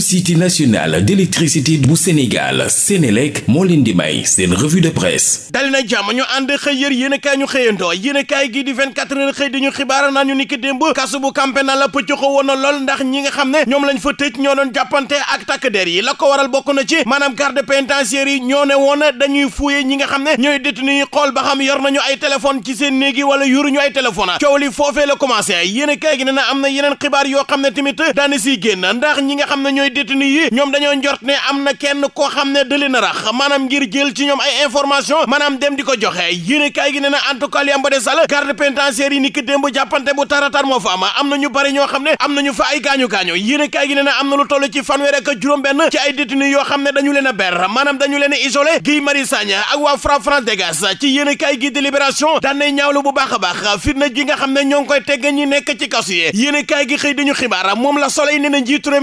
société nationale d'électricité bu Sénégal Sénélec moo leen di may seen revue de presse dali na jàmm ñu ànd xëy yër yéen a kaay ñu xëyandoo yéen a kaay gi di xëy di xibaar naa ñu ni ki démb kasu bu la pëccaxoo woon na lool ndax ñi nga xam ne ñoom lañ fa tëj ñoo doon jàppante ak takk der yi la ko waral bokk na ci maanaam garde pénitentiaire yi ñoo ne woon dañuy fouiller ñi nga xam ne ñooy détenu yi xool ba xam yor nañu ay téléphone ci seen néeg yi wala a kaay gi ñooy détenu yi ñoom dañoo njort ne am na kenn koo xam ne dali na rax maanaam ci ñoom ay information maanaam dem di ko joxe gi ne na en tout cas li am ba des sal garde pénitentiaire yi ne am gi ne na am na lu toll ci fanweer ak juróom benn ci ay détenu yoo xam ne dañu leen ber maanaam dañu leen a isolé Guy Marius Sagna ak waa Fra France Dégage ci yéene gi délibération daan nay ñaawlu bu baax a baax ji nga xam ne ñoo ngi koy tegg ñi nekk ci kasu yi yéene kaay gi xëy dañu xibaar moom la Soleil ne na njiitu réew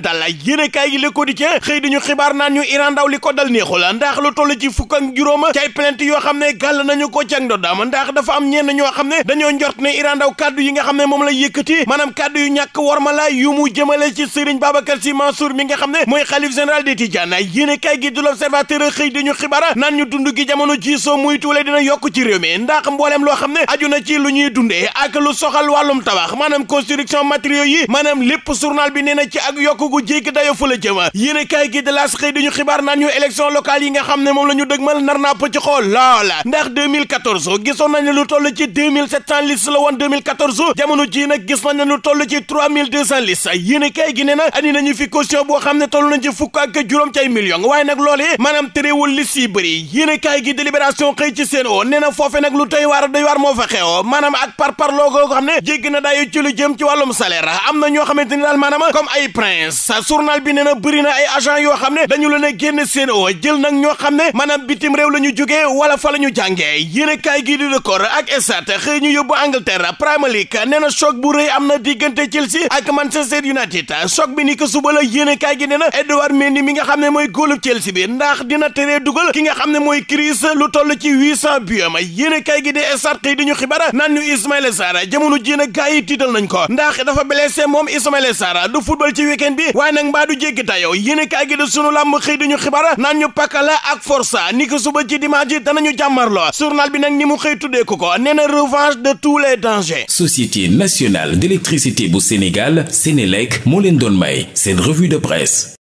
dala yéenekaay gi Le Quotidien xëy dañu xibaar naan ñu Iran Ndaw li ko dal neexul ah ndax lu toll ci fukk ak juróom cay plainte yoo xam ne gàll nañu ko cag ndoddam ndax dafa am ñenn ñoo xam ne dañoo njort ne Iran kàddu yi nga xam ne moom la yëkkati maanaam kàddu yu ñàkk warma la yu mu jëmale ci Serigne Babacar Sy Mansour mi nga xam ne mooy xalif général des Tidianes yéenekaay gi du L'Observateur xëy dañu xibaar naan ñu dund gi jamono ji soo loo xam ne aju na ci lu ñuy dundee ak lu gu jéggi dayo fu la jëma yéen kaay gi de laas xëy di ñu xibaar naan ñu élection yi nga xam ne moom la ñu dëgmal nar naa pëcc xool lool ndax gisoon nañ lu toll ci 2700 listes la woon 2014 jamono ji nag gis nañ lu toll ci 3200 listes yéen kaay gi ne na andi nañu fi caution boo xam ne toll nañ ci fukk ak juróom ci ay millions waaye nag loolee yi bëri yéen kaay gi délibération xëy ci ne jéggi na dayo ci ci wàllum sa journal bi nee na bëri na agent yoo xam ne dañu leen a génn seen o jël nag ñoo xam ne maanaam bitim réew la ñu jógee wala fa la ñu jàngee yéen a kaay gii di record ak estat xëy ñu yóbbu Angleterre Premier League nee na bu rëy am na diggante Chelsea ak Manchester United choc bi ni ko suba la yéen a kaay gi nee na Edouard Mendy mi nga xam ne mooy góolub Chelsea bi ndax dina teree dugal ki nga xam ne mooy crise lu toll ci huit cent buts ma yéen a kaay gi di estat xëy diñu xibaar naan ñu Ismaïla Sarr jamono ji na gaay yi tiital nañ ko ndax dafa blessé moom Ismaïla Sarr du football ci week-end bi waaye nag mbaa du jéggi tayoo yéen kaay gi de sunu làmb xëy di ñu xibaar naan ñu pakala ak forsa ni ko suba ci dimanche ji danañu jàmmarloo journal bi nag ni mu xëy dee ko ko nee na revanche de tous les dangers. Société nationale d'électricité bu Sénégal Sénélec moo leen doon may seen revue de presse.